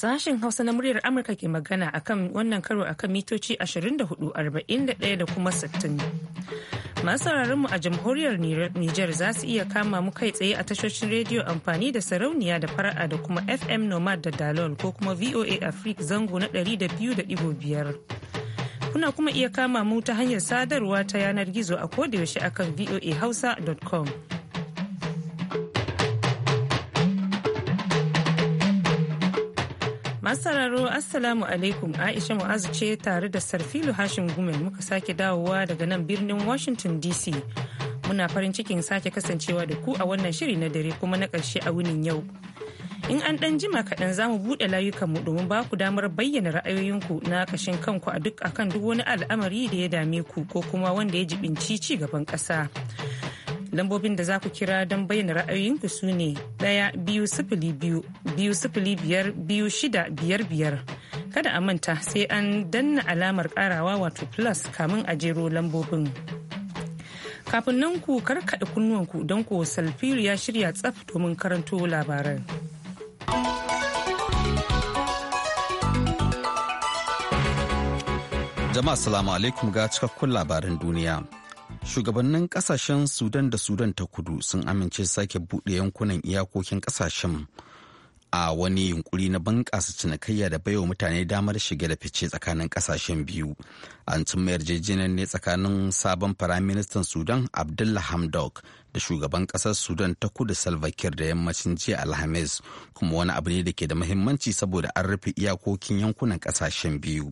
Sashen Hausa na muryar Amurka ke magana akan wannan karo a kan mitoci 24,41 da kuma 60. Masu sauraronmu a jamhuriyar Nijar za su iya kama mu kai tsaye a tashoshin rediyo amfani da sarauniya da fara'a da kuma FM Nomad da Dalol ko kuma VOA Africa zango na 200.5. Kuna kuma iya kama mu ta hanyar sadarwa ta yanar gizo a kodayaushe akan voahausa.com. masararo assalamu alaikum aisha mu'azu ce tare da sarfilu hashim gumel muka sake dawowa daga nan birnin washington dc muna farin cikin sake kasancewa da ku a wannan shiri na dare kuma na ƙarshe a wunin yau in an ɗan jima kaɗan za mu buɗe layukanmu domin ba ku damar bayyana ra'ayoyinku na kashin kanku a duk akan duk wani al'amari da ya dame ku ko kuma wanda ya jibinci ci gaban ƙasa lambobin da za ku kira don bayyana ra'ayoyinku su ne ɗaya biyu sifili biyu biyu sifili biyar biyu shida biyar biyar kada a manta sai an danna alamar karawa wato plus kamin a jero lambobin kafin nan ku karkaɗa kunnuwanku don ku salfiru ya shirya tsaf domin karanto labaran jama'a salamu alaikum ga cikakkun labaran duniya shugabannin kasashen sudan da sudan ta kudu sun amince sake buɗe yankunan iyakokin kasashen a wani yunkuri na bunƙasa cinikayya da baiwa mutane damar shige da fice tsakanin kasashen biyu an cimma yarjejeniyar ne tsakanin sabon firaministan sudan abdullah hamdok da shugaban ƙasar sudan ta kudu salvakir da yammacin jiya alhamis kuma wani abu ne da ke da muhimmanci saboda an rufe iyakokin yankunan kasashen biyu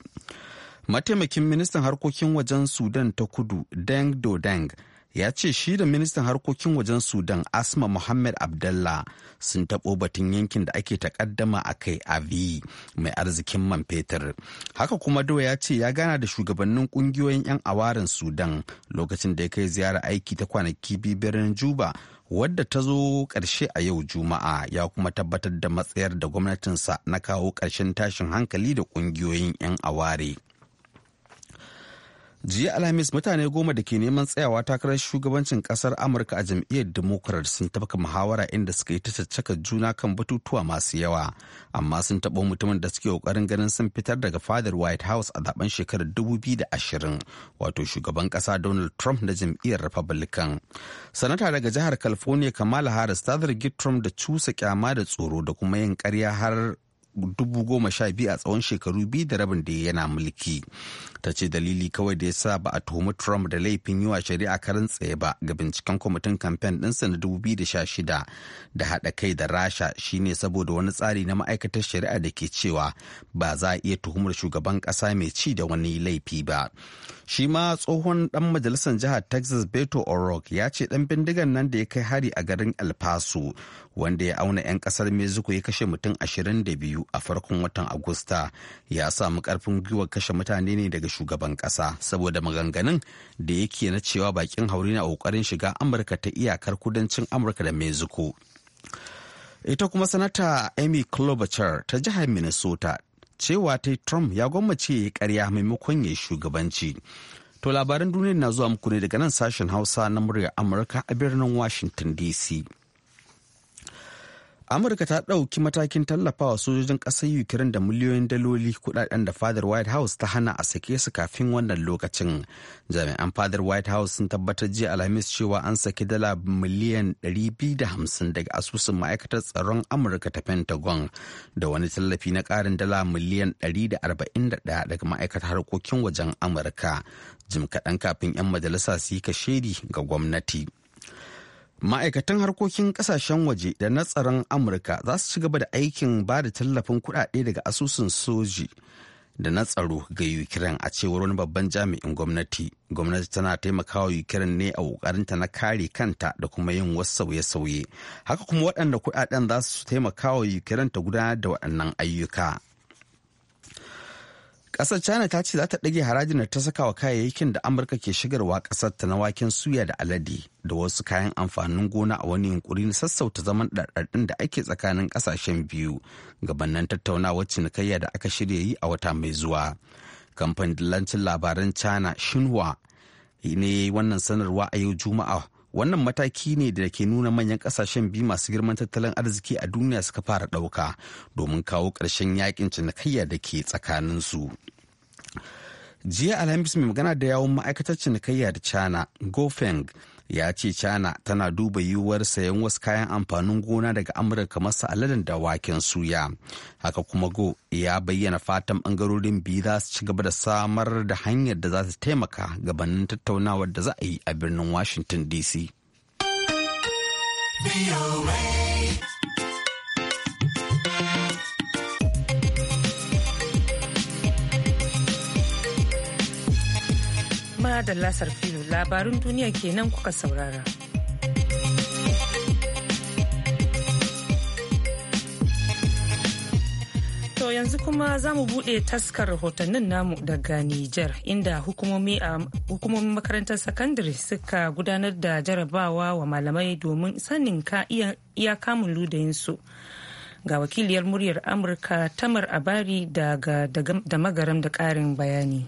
mataimakin ministan harkokin wajen sudan ta kudu deng dodeng ya ce shi da ministan harkokin wajen sudan asma muhammad Abdullah, sun taɓo batun yankin da ake takaddama a kai avi mai arzikin man fetur haka kuma do ya ce ya gana da shugabannin ƙungiyoyin 'yan awarin sudan lokacin da ya kai ziyara aiki ta kwanaki biyu birnin juba wadda ta zo ƙarshe a yau juma'a ya kuma tabbatar da matsayar da gwamnatinsa na kawo ƙarshen tashin hankali da ƙungiyoyin 'yan aware jiya alhamis mutane goma da ke neman tsayawa takarar shugabancin kasar amurka a jam'iyyar democrat sun tafka muhawara inda suka yi ta juna kan batutuwa masu yawa amma sun taɓa mutumin da suke ƙoƙarin ganin sun fitar daga fadar white house a zaben shekarar 2020 wato shugaban ƙasa donald trump na jam'iyyar republican sanata daga jihar california kamala harris ta zargi trump da cusa kyama da tsoro da kuma yin karya har dubu goma sha biyu a tsawon shekaru biyu da rabin da yana mulki ta ce dalili kawai da ya sa ba a tuhumi trump da laifin yi wa shari'a karin tsaye ba ga binciken kwamitin kamfen ɗinsa na dubu da sha shida da haɗa kai da rasha shine saboda wani tsari na ma'aikatar shari'a da ke cewa ba za a iya tuhumar shugaban ƙasa mai ci da wani laifi ba shi ma tsohon ɗan majalisar jihar texas beto o'rourke ya ce ɗan bindigan nan da ya kai hari a garin el paso wanda ya auna 'yan kasar mexico ya kashe mutum 22 a farkon watan agusta ya samu karfin gwiwar kashe mutane ne daga shugaban kasa saboda maganganun da yake na cewa bakin hauri na kokarin shiga amurka ta iyakar kudancin amurka da mexico ita kuma sanata amy klobuchar ta jihar minnesota cewa ta trump ya gwammace ya karya maimakon ya shugabanci to labaran duniya na zuwa muku ne daga nan sashen hausa na muryar amurka a birnin washington dc amurka ta ɗauki matakin tallafawa sojojin ƙasar ukraine da miliyoyin daloli kuɗaɗen da fadar white house ta hana a sake su kafin wannan lokacin jami'an fadar white house sun tabbatar jiya alhamis cewa an saki dala miliyan 250 daga asusun ma'aikatar tsaron amurka ta pentagon da wani tallafi na ƙarin dala miliyan 141 daga ma'aikatar harkokin wajen amurka jim kaɗan kafin 'yan majalisa su yi kashedi ga gwamnati ma'aikatan harkokin kasashen waje da na tsaron amurka za su ci gaba da aikin ba da tallafin kuɗaɗe daga asusun soji da na tsaro ga ukraine a cewar wani babban jami'in gwamnati gwamnati tana taimakawa ukraine ne a kokarinta na kare kanta da kuma yin wasu sauye-sauye haka kuma waɗanda kuɗaɗen za su taimakawa ukraine ta gudanar da waɗannan ayyuka Ƙasar China ta ce za ta ɗage harajin da ta saka wa kayayyakin da Amurka ke shigarwa ƙasar ta na waken suya da alade da wasu kayan amfanin gona a wani yunkuri na sassauta zaman ɗarɗarɗin da ake tsakanin ƙasashen biyu gabanin tattaunawar cinikayya da aka shirya yi a wata mai zuwa. Kamfanin dillancin labaran China Xinhua ne wannan sanarwa a yau Juma'a wannan mataki ne da ke nuna manyan kasashen biyu masu girman tattalin arziki a duniya suka fara ɗauka domin kawo ƙarshen yakin cinikayya da ke tsakaninsu jiya alhamis mai magana da yawon ma'aikatar cinikayya da china gofeng ya ce china tana duba yiwuwar sayan wasu kayan amfanin gona daga amurka masu aladen da waken suya haka kuma go ya bayyana fatan bangarorin biyu za su ci gaba da samar da hanyar da za su taimaka gabanin tattaunawar da za a yi a birnin washington dc Madalla Sarfilu labarun duniya kenan kuka saurara. To yanzu kuma za mu buɗe taskar rahotannin namu daga Nijar inda hukumomi hukumomin makarantar sakandare suka gudanar da jarabawa wa malamai domin sanin ka iya kamun ludayinsu. Ga wakiliyar muryar Amurka Tamar Abari daga da magaram da ƙarin bayani.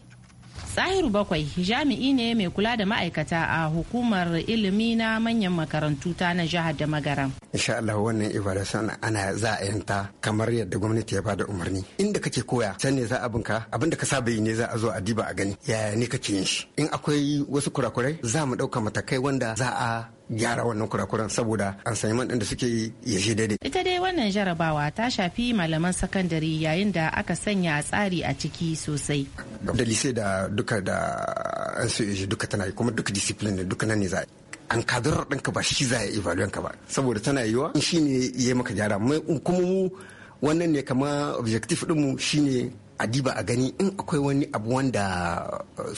Zahiru bakwai jami'i ne mai kula da ma'aikata a hukumar ilimi na manyan makarantu ta na jihar da magaran Insha Allah wannan evaluation ana za a yanta kamar yadda gwamnati ya bada umarni. Inda kake koya can ne za a binka da ka saba yi ne za a zo a diba a gani yaya ne kake yin shi. In akwai wasu kurakurai za mu ɗauka matakai wanda za a gyara wannan kurakuran saboda an sami ɗin da suke yi ya shi daidai. Ita dai wannan jarabawa ta shafi malaman sakandare yayin da aka sanya tsari a ciki sosai. Da lise da duka da an e duka tana yi kuma duka discipline duka nan ne za an kadarar ɗinka ba shi za a ka ba saboda tana yiwa shi ne ya maka gyara kuma mu wannan ne kama objective ɗinmu shi ne a diba a gani in akwai wani abu wanda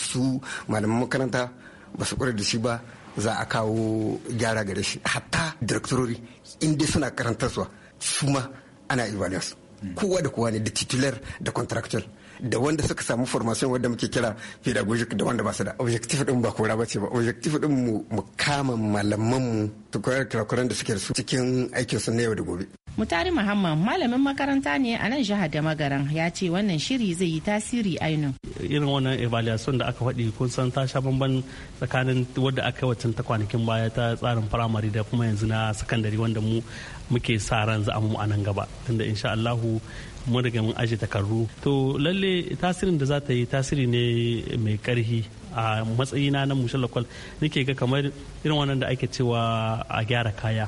su malaman makaranta ba su kura da shi ba za a kawo gyara gare shi hatta direktorori in dai suna karantarsuwa su ma ana evaluate su kowa da kowa ne da titular da contractual da wanda suka samu formation wanda muke kira pedagogic da wanda ba su da objective din ba kora ba ce ba objective din mu kama malaman mu tukurar kurakuran da suke da su cikin aikin na yau da gobe mutari muhammad malamin makaranta ne a nan jihar da magaran ya ce wannan shiri zai yi tasiri ainihin irin wannan evaluation da aka faɗi kun san ta sha bamban tsakanin wadda aka wacin ta kwanakin baya ta tsarin firamare da kuma yanzu na sakandare wanda mu muke sa ran za mu a nan gaba tunda insha Allahu mu daga mun aje takardu to lalle tasirin da za ta yi tasiri ne mai karhi a matsayina na mushallakwal nake ga kamar irin wannan da ake cewa a gyara kaya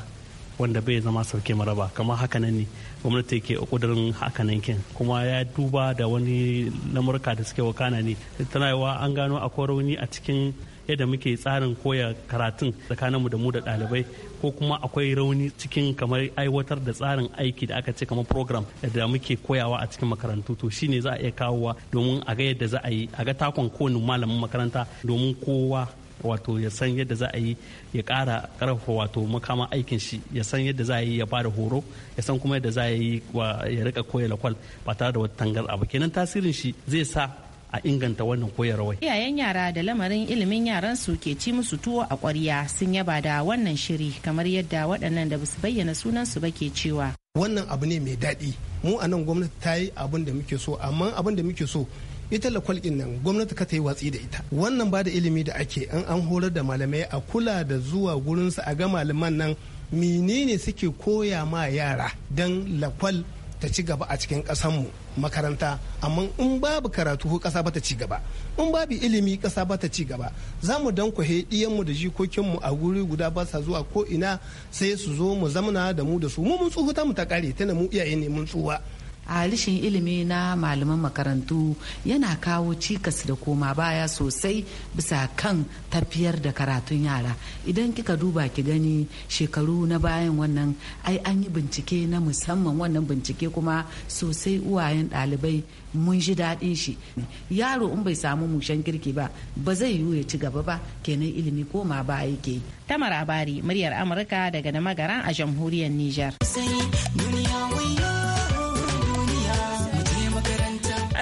wanda bai zama sauke maraba kamar hakanan ne gwamnati ke kudurin hakanan kin kuma ya duba da wani lamurka da suke wakana ne tana yawa an gano akwai rauni a cikin yadda muke tsarin koya karatun tsakaninmu da mu da ɗalibai ko kuma akwai rauni cikin kamar aiwatar da tsarin aiki da aka ce kamar program da muke koyawa a cikin makarantu to shine za a iya kawowa domin a ga yadda za a yi a ga takon kowane malamin makaranta domin kowa wato ya san yadda za a yi ya kara ƙarfafa wato makaman aikin shi ya san yadda za a yi ya bada horo ya san kuma yadda za a yi ya rika koya lakwal ba tare da wata tangar abu kenan tasirin shi zai sa a inganta wannan koyarwar. Iyayen yara da lamarin ilimin yaran su ke ci musu tuwo a ƙwarya sun yaba da wannan shiri kamar yadda waɗannan da basu bayyana sunan su ba ke cewa. Wannan abu ne mai daɗi. Mu a nan gwamnati ta yi abin da muke so amma abin da muke so ita lakwal kwalkin nan gwamnati ka ta yi watsi da ita wannan ba da ilimi da ake in an horar da malamai a kula da zuwa gurinsu a ga malaman nan menene suke koya ma yara don lakwal ta ci gaba a cikin mu makaranta amma in babu karatu ko ƙasa bata ci gaba in babu ilimi ƙasa bata ci gaba za mu dan kwahe mu da jikokinmu a guri guda ba sa zuwa ko ina sai su zo mu zamana da mu da su mu mun tsuhuta mu ta ƙare tana mu iyaye ne mun tsuwa a rashin ilimi na malaman makarantu yana kawo cikas da koma baya sosai bisa kan tafiyar da karatun yara idan kika duba ki gani shekaru na bayan wannan ai an yi bincike na musamman wannan bincike kuma sosai uwayen ɗalibai mun ji daɗin shi yaro in bai samu mushen kirki ba ba zai yiwu ya ci gaba ba kenan ilimi koma baya yake tamar abari muryar amurka daga da magaran a jamhuriyar niger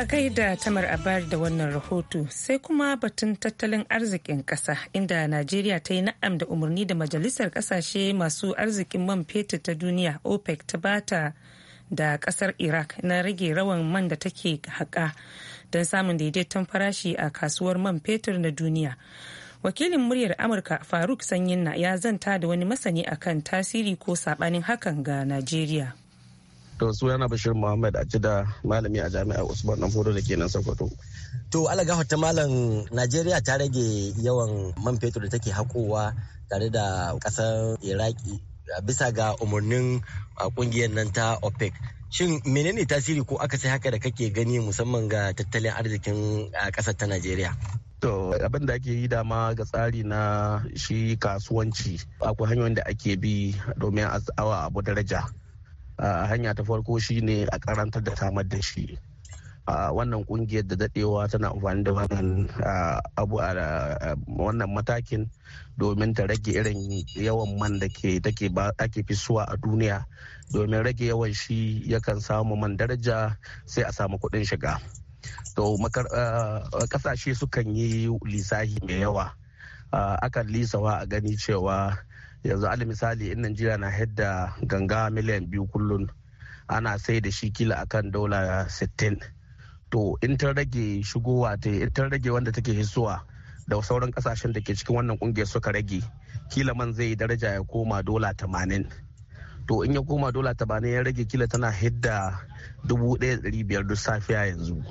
a da tamar abari da wannan rahoto sai kuma batun tattalin arzikin kasa inda najeriya ta yi na'am da umarni da majalisar kasashe masu arzikin man fetur ta duniya opec ta bata da kasar iraq na rage rawan man da take haƙa don samun daidaiton farashi a kasuwar man fetur na duniya wakilin muryar amurka faruk sanyinna ya zanta da wani masani akan tasiri ko saɓanin hakan ga najeriya to sunana bashir muhammad a da malami a jami'ar usman dan fodo da ke nan sokoto to alagafa ta malam najeriya ta rage yawan man fetur da take hakowa tare da kasar iraki bisa ga umarnin kungiyar nan ta opec shin menene tasiri ko aka sai haka da kake gani musamman ga tattalin arzikin kasar ta najeriya To abin da ake yi dama ga tsari na shi kasuwanci akwai hanyoyin da ake bi domin a awa abu daraja. hanya ta farko shi ne a karantar da samar da shi wannan kungiyar da dadewa tana amfani da wannan abu a wannan matakin domin ta rage irin yawan man da ke take ake fisuwa a duniya domin rage yawan shi yakan samu man daraja sai a samu kuɗin shiga to kasashe sukan yi lisahi mai yawa akan lisawa a gani cewa yanzu ali misali in najeriya na hidda ganga miliyan biyu kullum ana sai da shi kila akan dola 60 to in ta rage shigowa ta in ta rage wanda take hisuwa da sauran kasashen da ke cikin wannan kungiyar suka rage kila man zai daraja ya koma dola 80 to in ya koma dola 80 ya rage kila tana hidda biyar duk safiya yanzu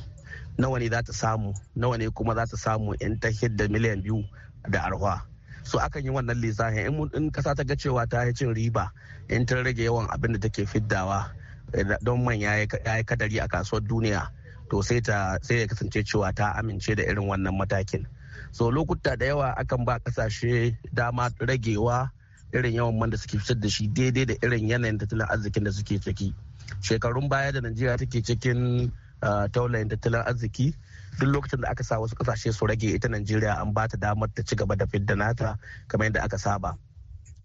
nawa ne za ta samu nawa ne kuma za ta samu in ta hidda miliyan biyu da arwa so akan yi wannan lissafin in kasa ta ga cewa ta yi cin riba in ta rage yawan abin da take fiddawa eh, don man ya yi kadari a kasuwar duniya to sai ta sai ya kasance cewa ta amince da irin wannan matakin so lokuta da yawa akan ba kasashe dama ragewa irin yawan man da suke fitar da shi daidai da irin yanayin tattalin arzikin da suke ciki shekarun baya da najeriya take cikin eh, taulayin tattalin arziki duk lokacin da aka sa wasu kasashe su rage ita najeriya an ba ta damar ta ci gaba da fidda nata kamar yadda aka saba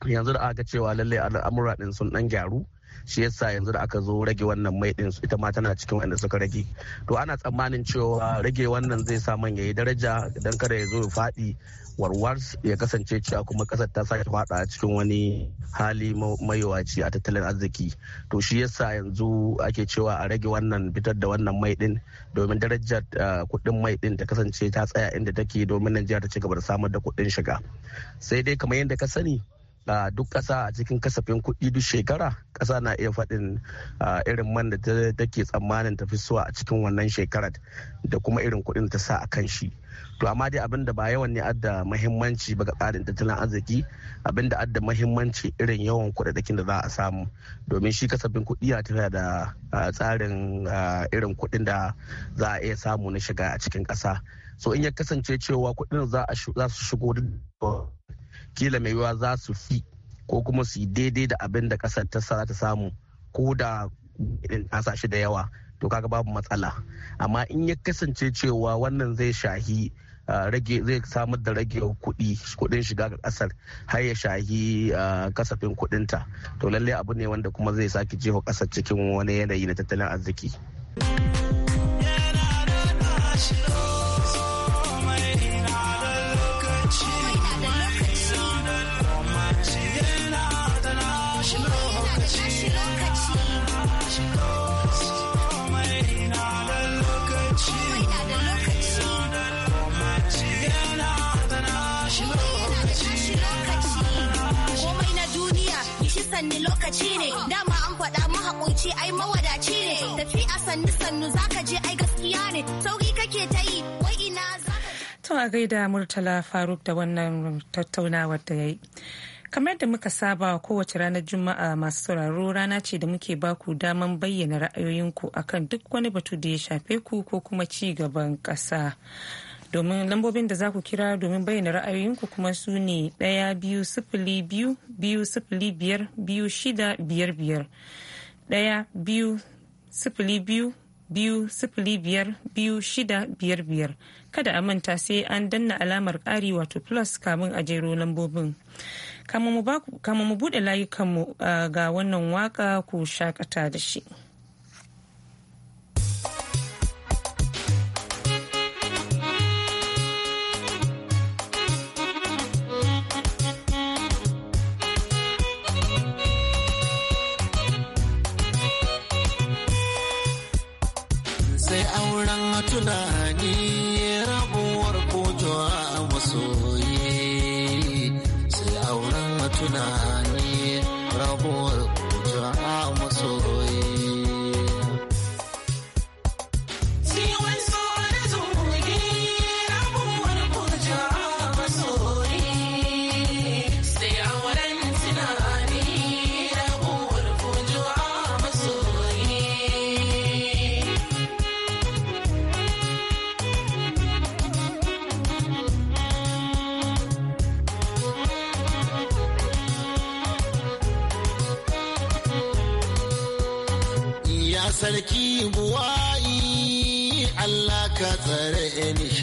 yanzu da aka cewa lallai al'amura ɗin sun ɗan gyaru shi yasa yanzu da aka zo rage wannan mai din ita ma tana cikin wanda suka rage to ana tsammanin cewa rage wannan zai sa man yayi daraja dan kada ya zo ya fadi warwar ya kasance cewa kuma kasar ta sake fada cikin wani hali mayawaci a tattalin arziki to shi yasa yanzu ake cewa a rage wannan fitar da wannan mai din domin darajar eh, kuɗin mai din ta kasance ta tsaya inda take domin najeriya ta ci gaba da samar da kuɗin shiga sai dai kamar yadda ka sani a duk ƙasa a cikin kasafin kuɗi duk shekara ƙasa na iya faɗin irin man da take tsammanin tafi suwa a cikin wannan shekarar da kuma irin kuɗin ta sa a kan shi to amma dai abin da ba yawan ne adda mahimmanci ba ga tsarin tattalin arziki abin da adda mahimmanci irin yawan kuɗaɗakin da za a samu domin shi kasafin kuɗi ya tafiya da tsarin irin kuɗin da za a iya samu na shiga a cikin ƙasa so in ya kasance cewa kuɗin za su shigo duk kila mai yiwuwa za su fi ko kuma su yi daidai da abin da kasar ta ta samu ko da irin kasashe da yawa to kaga babu matsala amma in ya kasance cewa wannan zai shahi rage zai samar da rage kuɗi kuɗin shiga ga ƙasar har ya shahi kasafin kuɗinta to lallai abu ne wanda kuma zai sake jefa ƙasar cikin wani yanayi na tattalin arziki. sanni lokaci ne dama an faɗa mahaƙunci ai mawadaci ne tafi a sanni sannu zaka je ai gaskiya ne sauki kake ta yi wai ina To a gaida Murtala Faruk da wannan tattaunawar da ya yi. kamar da muka saba kowace ranar juma'a masu sauraro rana ce da muke baku daman bayyana ra'ayoyinku akan duk wani batu da ya shafe ku ko kuma ci gaban ƙasa domin lambobin da za ku kira domin bayyana ra'ayoyinku kuma su ne ɗaya biyu sifili biyu biyu sifili biyar biyu shida biyar biyar ɗaya biyu sifili biyu biyu sifili biyar biyu shida biyar biyar kada a manta sai an danna alamar ƙari wato plus kamun a jero lambobin kama mu buɗe layukanmu ah, ga wannan waka ku shakata da shi. tunani rabuwar kuta masoyi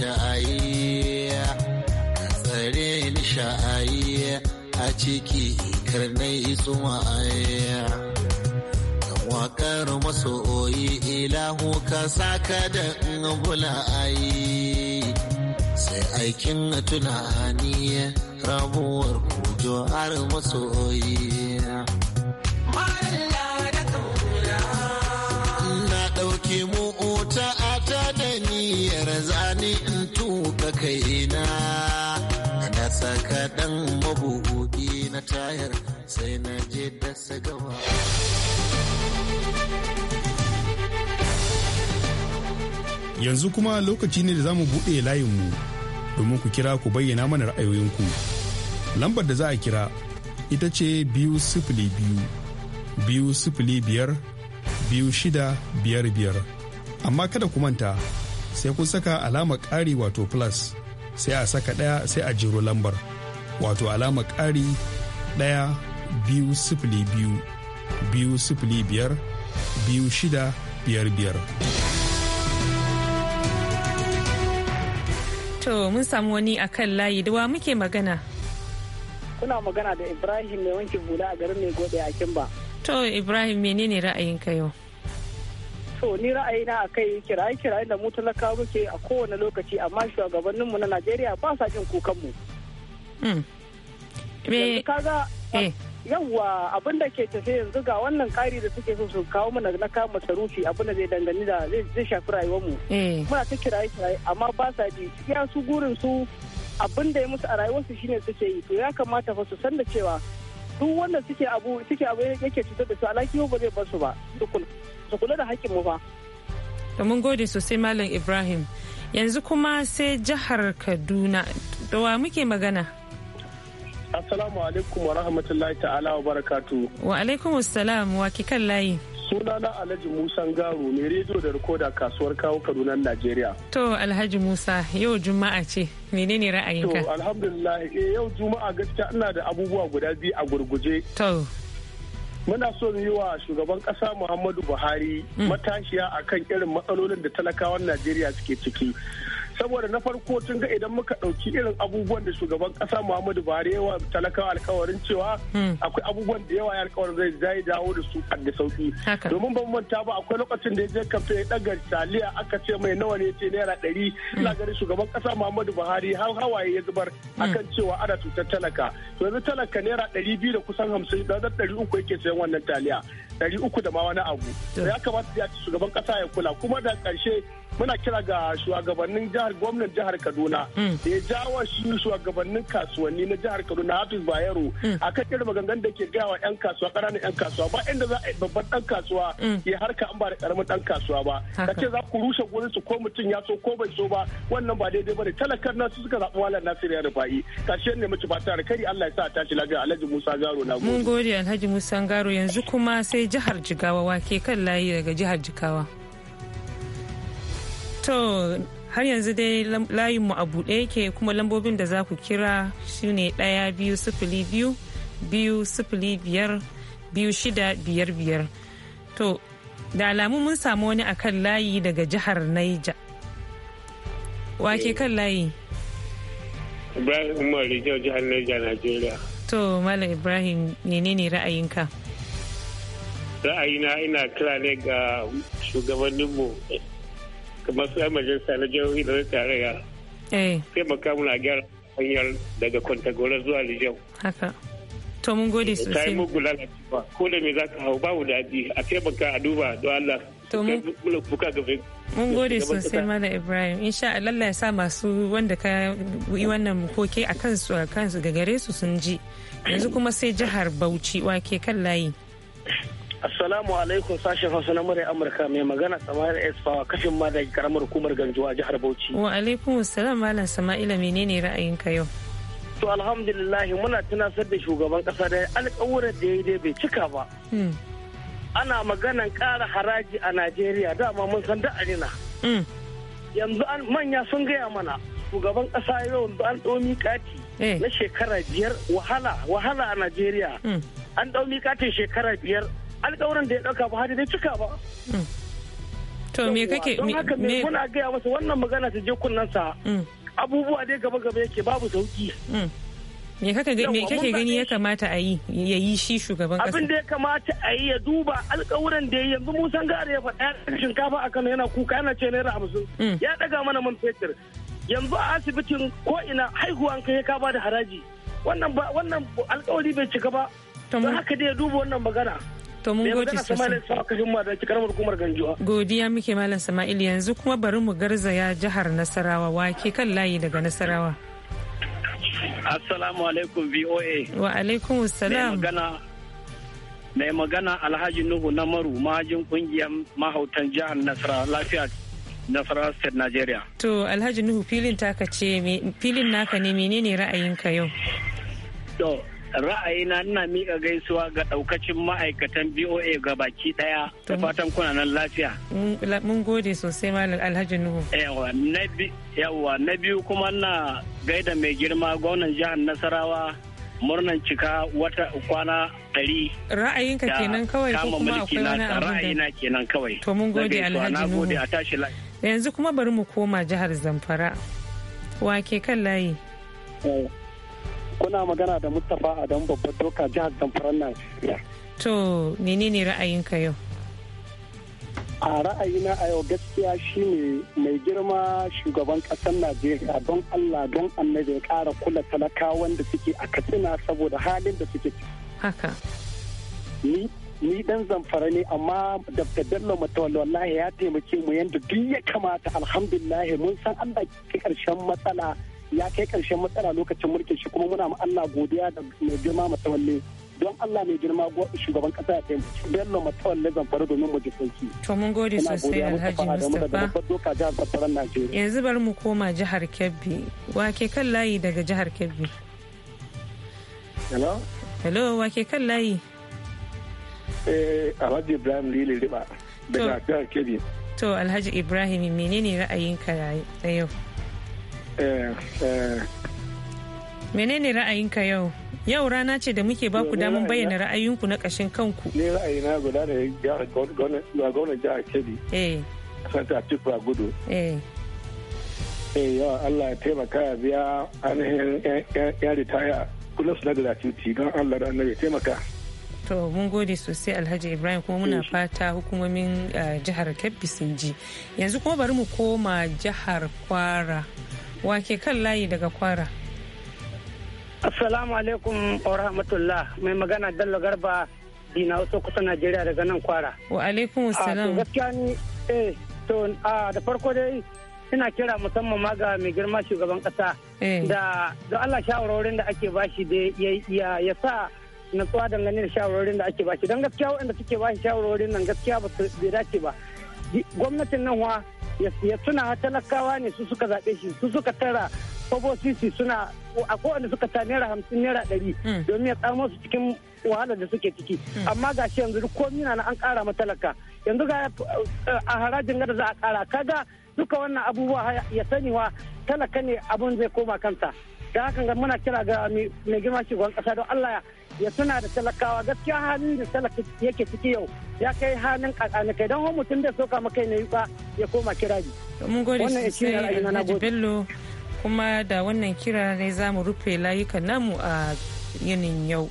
sha'ayi tsare ni sha'ayi a ciki karnai isma'ayi waƙar masoyi ilahu ka saka da bula ayi sai aikin tunani rabuwar kujo har masoyi na ɗauki mu ina na saka ɗan mabuɗi na tayar sai na je dasa gaba. Yanzu kuma lokaci ne da za mu buɗe layinmu domin ku kira ku bayyana mana ra'ayoyinku. Lambar da za a kira ita ce biyu sifili biyu biyu sifili biyar biyu shida biyar biyar amma kada ku manta sai kun saka alamar ƙari wato plus sai a saka ɗaya sai a jiro lambar wato alama ƙari ɗaya biyu sifili biyu biyu sifili biyar biyu shida biyar biyar. To mun samu wani a kan layi dawa muke magana. Kuna magana da Ibrahim mai wanke hula a garin mai gobe a Kimba. To Ibrahim menene ra'ayinka yau? to ni ra'ayina a kai kiraye kiraye da mu talaka muke a kowane lokaci amma shugabanninmu na najeriya ba sa jin kukanmu hmm. kaga eh. yawwa abin da ke tafe yanzu ga wannan kari da suke so su kawo mana na kawo masarufi abin da zai dangane da zai shafi rayuwar mu. Eh. muna ta kiraye kiraye amma ba sa ji ya su gurin su abin da ya musu a rayuwarsu shine suke yi to ya kamata fa su san da cewa duk wanda suke abu suke abu yake cutar da su alaki ba zai bar su ba dukkan su kula da hakkin ba da mun gode sosai malam ibrahim yanzu kuma sai jihar kaduna da wa muke magana assalamu alaikum wa rahmatullahi ta'ala wa barakatu wa alaikum assalam wa kikan layi suna na alhaji musa garo mai rediyo da rikoda kasuwar kawo kaduna najeriya to alhaji musa yau juma'a ce menene ra'ayinka to alhamdulillah eh, yau juma'a gaskiya ina da abubuwa guda biyu a gurguje to muna so mu yi wa shugaban kasa muhammadu buhari hmm. matashiya akan irin matsalolin da talakawan najeriya suke ciki saboda na farko tun ga idan muka ɗauki irin abubuwan da shugaban kasa muhammadu buhari ya wa talakawa alkawarin cewa hmm. akwai abubuwan da yawa ya alkawarin zai zai dawo da su a da sauki domin ban manta ba akwai lokacin da ya je kafe ya ɗaga taliya aka ce mai nawa ne ce naira ɗari hmm. ina ganin shugaban kasa muhammadu buhari har hawaye ya zubar hmm. akan cewa ana cutar talaka yanzu talaka naira ɗari biyu da kusan hamsin da ɗari uku yake sayan wannan taliya dari uku da ma wani abu ya kamata ya shugaban kasa ya kula kuma da karshe muna kira ga shugabannin jihar gwamnan jihar kaduna da mm. ya jawo shi shugabannin kasuwanni na jihar kaduna hafiz bayero mm. a kan irin gangan da ke gaya wa yan kasuwa ƙananan yan kasuwa ba inda za a yi babban dan kasuwa mm. ya harka an ba da karamin dan kasuwa ba ka ce za ku rushe gurin su ko mutum ya so ko bai so ba wannan ba daidai ba ne talakar nasu suka zaɓi walar nasiru ya rufa'i karshe ne mutu ba tare kari allah ya sa a tashi lafiya alhaji musa garo na gode. mun gode alhaji musa garo yanzu kuma sai akwai jihar jigawa wake kan layi daga jihar jigawa to har yanzu dai layinmu a buɗe yake kuma lambobin da za ku kira shine ɗaya biyu sifili biyu biyu sifili biyar biyu shida biyar biyar to da alamu mun samu wani a kan layi daga jihar naija wake kan layi ibrahim umar jihar naija nigeria to malam ibrahim menene ra'ayinka ra'ayina ina kira ne ga shugabanninmu kamar su majalisa na jihohi da na tarayya eh. taimaka muna gyara hanyar daga kwantagora zuwa lijau haka to mun gode sosai ta yi mugu lalacewa ko da me za ka hau babu daɗi a taimaka a duba don allah to mun mun gode sosai mana ibrahim insha allah ya sa masu wanda ka yi wannan koke a kansu a kansu ga gare su sun ji yanzu kuma sai jihar bauchi wake kan layi Assalamu alaikum sashen Hausa na murya Amurka mai magana Sama'ila S Fawa kashin ma da karamar hukumar Ganjuwa jihar Bauchi. Wa alaikum assalam malam Sama'ila menene ka yau? To alhamdulillah muna tunasar da shugaban kasa da alƙawuran da ya dai bai cika ba. Hmm. Ana maganan ƙara haraji a Najeriya dama mun san da arina. Hmm. Yanzu an manya sun gaya mana shugaban kasa yau an ɗomi kati eh. na shekara biyar wahala wahala a Najeriya. Hmm. An ɗomi katin shekara biyar alƙawarin da ya ɗauka ba hadi zai cika ba mm. to me kake don haka me muna gaya masa wannan magana ta je sa. Mm. abubuwa dai gaba gaba yake babu sauki mm. me kake me kake gani ya kamata a yi ya yi shi shugaban kasa abin da ya kamata a yi ya duba alƙawuran da ya yanzu musan gare ya faɗa ya shinkafa a kano yana kuka yana ce naira hamsin ya ɗaga mana man fetur yanzu a asibitin ko ina haihuwan kai ka bada haraji wannan wannan alƙawari bai cika ba don haka dai ya duba wannan magana To mun gode sosai. Godiya muke Malam Sama'il yanzu kuma bari mu garzaya jihar Nasarawa wake kan layi daga Nasarawa. Assalamu alaikum VOA. Wa alaikum salam. Mai magana Alhaji Nuhu na Maru mahajin kungiyar mahautan jihar Nasarawa lafiya Nasarawa State Nigeria. To Alhaji Nuhu filin taka ce filin naka ne menene ra'ayinka yau? To ra'ayina ina miƙa gaisuwa ga ɗaukacin ma'aikatan BOA ga baki ɗaya da fatan kuna nan lafiya. Mun gode sosai malam Alhaji Nuhu. Yawwa na biyu kuma na gaida mai girma gwamnan jihar Nasarawa murnan cika wata kwana ɗari. Ra'ayinka kenan kawai ko kuma akwai wani abu Ra'ayina kenan kawai. To mun gode Alhaji Nuhu. Yanzu kuma bari mu koma jihar Zamfara. Wake kan layi. Eh, kuna magana da mustapha adam babbar doka jihar zamfaran najeriya to menene ra'ayinka yau a ra'ayina a yau gaskiya shine mai girma shugaban ƙasar najeriya don allah don annabi ya ƙara kula talakawan da suke a katsina saboda halin da suke haka ni ni dan zamfara ne amma dr bello matawalla wallahi ya taimake mu yadda duk ya kamata alhamdulillah mun san allah ke karshen matsala ya kai karshen matsala lokacin mulkin shi kuma muna ma Allah godiya da mai girma matawalle don Allah mai girma shugaban kasa ya taimaki bello matawalle zamfara domin mu ji sauki. To mun gode sosai Alhaji Mustapha. Yanzu bari mu koma jihar Kebbi. Wake kan layi daga jihar Kebbi. Hello? Hello wake kan layi. Eh Alhaji Ibrahim Lili Riba daga jihar Kebbi. To Alhaji Ibrahim menene ra'ayinka na yau? menene ra'ayinka yau yau rana ce da muke baku damar bayyana ra'ayinku na ƙashin kanku ne ra'ayina guda da ya gwamnan jihar kebbi eh santa tukwa gudu eh eh yawa allah ya taimaka ya biya ainihin yan ritaya kula su na titi don allah da annabi taimaka to mun gode sosai alhaji ibrahim kuma muna eh, fata hukumomin eh, jihar kebbi sun ji yanzu kuma bari mu koma jihar kwara wake kan layi daga kwara assalamu alaikum wa rahmatullah mai magana dallo garba dina wasu kusa najeriya daga nan kwara wa alaikum a ah, gaskiya ni eh to ah, da farko dai ina kira musamman ma ga mai girma shugaban kasa eh. da da Allah shawarorin da ake bashi da ya sa natsuwa dangane da shawarorin da ake bashi don gaskiya waɗanda suke bashi shawarorin nan gaskiya ba su dace ba gwamnatin nan wa ya tuna talakawa ne su suka zaɓe shi su suka tara kobo sisi suna a kowane suka ta naira hamsin naira ɗari hmm. domin ya tsamo su cikin wahalar da suke ciki hmm. amma ga shi yanzu komi na an ƙara matalaka yanzu ga a harajin gada za a ƙara kaga duka wannan abubuwa ya saniwa talaka ne abun zai koma kanta. da haka ga muna kira ga mai girma shugaban kasa don Allah ya tuna da talakawa gaskiya halin da talaka yake ciki yau ya kai halin kakani kai don ho mutum da soka maka ne yuka ya koma kiraji mun gode sosai Alhaji Bello kuma da wannan kira ne za mu rufe layukan namu a yinin yau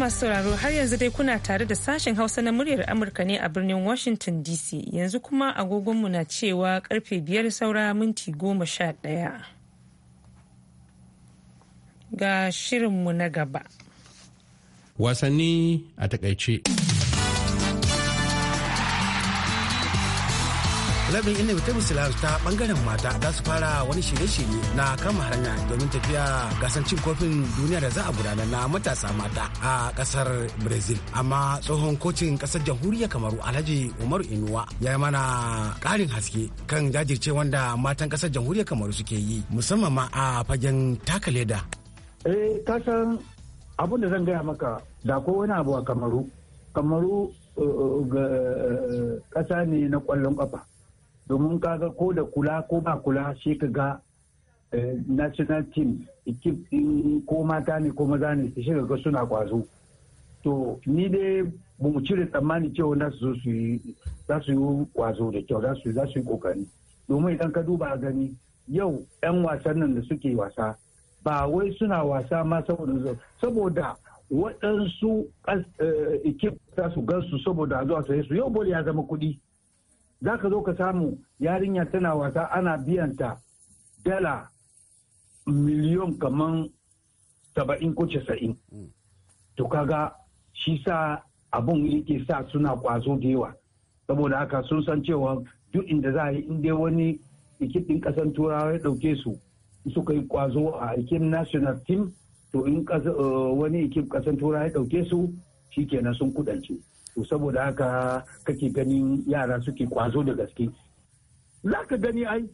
masu sauraro har yanzu dai kuna tare da sashen hausa na muryar amurka ne a birnin washington dc yanzu kuma agogonmu na cewa karfe biyar saura minti goma sha ɗaya ga shirinmu na gaba wasanni a takaice Labin inda Slams ta bangaren mata za su fara wani shirye-shirye na kama hanya domin tafiya gasan cin kofin duniya da za a gudanar na matasa mata a kasar Brazil. Amma tsohon kocin kasar jamhuriyar Kamaru Alhaji Umaru Inuwa ya mana karin haske kan jajirce wanda matan kasar jamhuriyar Kamaru suke yi musamman ma a fagen taka leda. Eh, kasan abun da zan gaya maka da ko wani abu a Kamaru. Kamaru eh, eh, eh, ƙasa ne na kwallon kafa. domin kaga ko da kula ko ba kula shi ka ga eh, national team ekip ko mata ne ko maza ne shi ga suna kwazo to ni dai ba mu cire tsammani cewa za su yi kwazo da kyau za su yi kokari domin idan ka duba a gani yau 'yan wasan nan da suke wasa ba wai suna wasa ma saboda saboda waɗansu ekip eh, za su gansu saboda a zuwa sai su yau bole ya zama kuɗi za ka zo ka samu yarinya tana wasa ana biyanta dala miliyon kaman saba'in ko casa'in to kaga shi sa abun yake sa suna kwazo da yawa saboda haka sun san cewa duk inda za a yi inda wani ikitin kasan turawa ya dauke su suka yi kwazo a ikin national team to in eh, wani ikin kasan turawa ya dauke su shi kenan sun kudance to saboda haka kake ganin yara suke kwazo da gaske za ka gani ai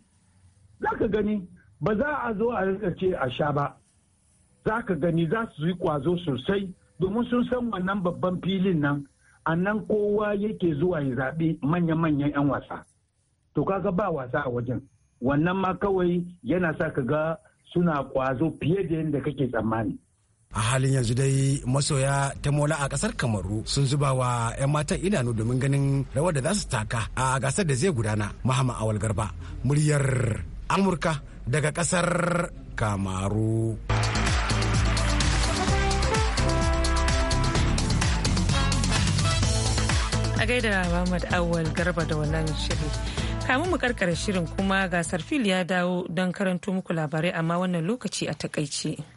za ka gani ba za a zo a rika ce a sha ba za ka gani za su yi kwazo sosai domin sun san wannan babban filin nan a nan kowa yake zuwa ya zaɓi manya-manyan 'yan wasa to kaga ba wasa a wajen wannan ma kawai yana sa ka ga suna kwazo fiye da yadda kake tsammani a halin yanzu dai masoya ta mola a kasar kamaru sun zuba wa 'yan matan idanu domin ganin rawar da za su taka a gasar da zai gudana mahama awal garba muryar amurka daga kasar kamaru a gaida Muhammad awal garba da wannan shiri kamun mu karkar shirin kuma gasar fil ya dawo don karanto muku labarai amma wannan lokaci a takaice.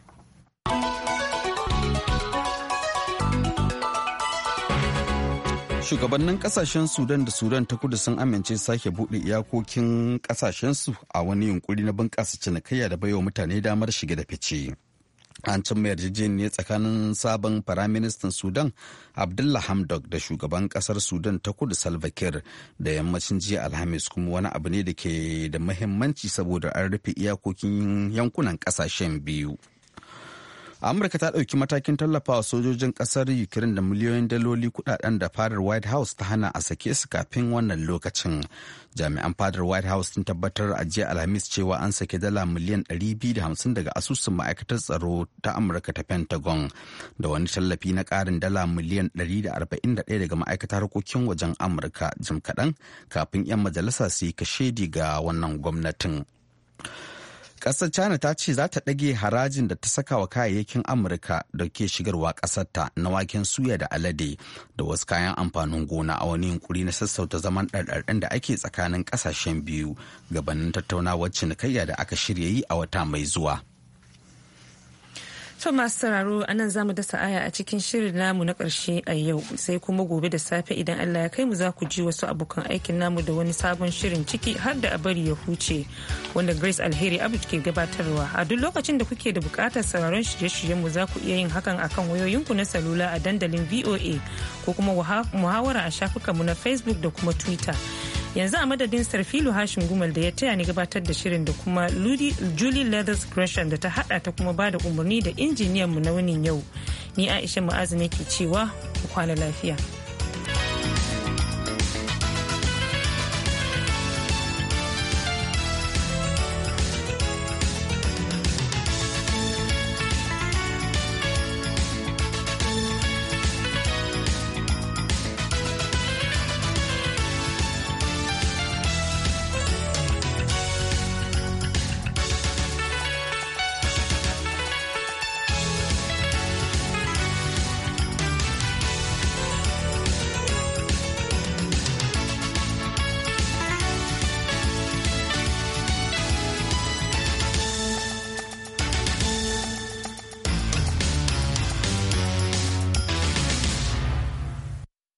shugabannin kasashen sudan da sudan ta kudu sun amince sake buɗe iyakokin kasashensu a wani yunkuri na bunƙasa cinikayya da baiwa mutane damar shiga da fice an cimma yarjejeniya tsakanin sabon firaministan sudan abdullah hamdok da shugaban kasar sudan ta kudu salva da yammacin jiya alhamis kuma wani abu ne da ke da mahimmanci saboda an rufe iyakokin yankunan kasashen biyu amurka ta ɗauki matakin tallafawa sojojin ƙasar ukraine da miliyoyin daloli kudaden da fadar white house ta hana a sake su kafin wannan lokacin jami'an fadar white house sun tabbatar a jiya alhamis cewa an sake dala miliyan 250 daga asusun ma'aikatar tsaro ta amurka ta pentagon da wani tallafi na karin dala miliyan 141 daga ma'aikatar harkokin wajen amurka jim kaɗan kafin 'yan majalisa su yi kashedi ga wannan gwamnatin. Ƙasar China ta ce za ta ɗage harajin da ta saka wa kayayyakin Amurka da ke shigarwa ƙasarta na waken suya da alade da wasu kayan amfanin gona a wani yunkuri na sassauta zaman ɗarɗarɗin da ake tsakanin ƙasashen biyu gabanin tattaunawar cinikayya da aka shirya yi a wata mai zuwa. To masu sauraro a nan za mu dasa aya a cikin shirin namu na ƙarshe a yau sai kuma gobe da safe idan Allah ya kai mu za ku ji wasu abokan aikin namu da wani sabon shirin ciki har da a bari ya huce wanda Grace Alheri Abu ke gabatarwa. A duk lokacin da kuke da buƙatar sauraron shirye-shiryen mu za ku iya yin hakan akan wayoyinku na salula a dandalin VOA ko kuma muhawara a shafukanmu na Facebook da kuma Twitter. yanzu a madadin sarfilu hashin gumal da ya taya ni gabatar da shirin da kuma julie leathers gresham da ta hada ta kuma bada umarni da injiniyan mu na wunin yau ni aisha ma'azu ne ke cewa ku kwana lafiya.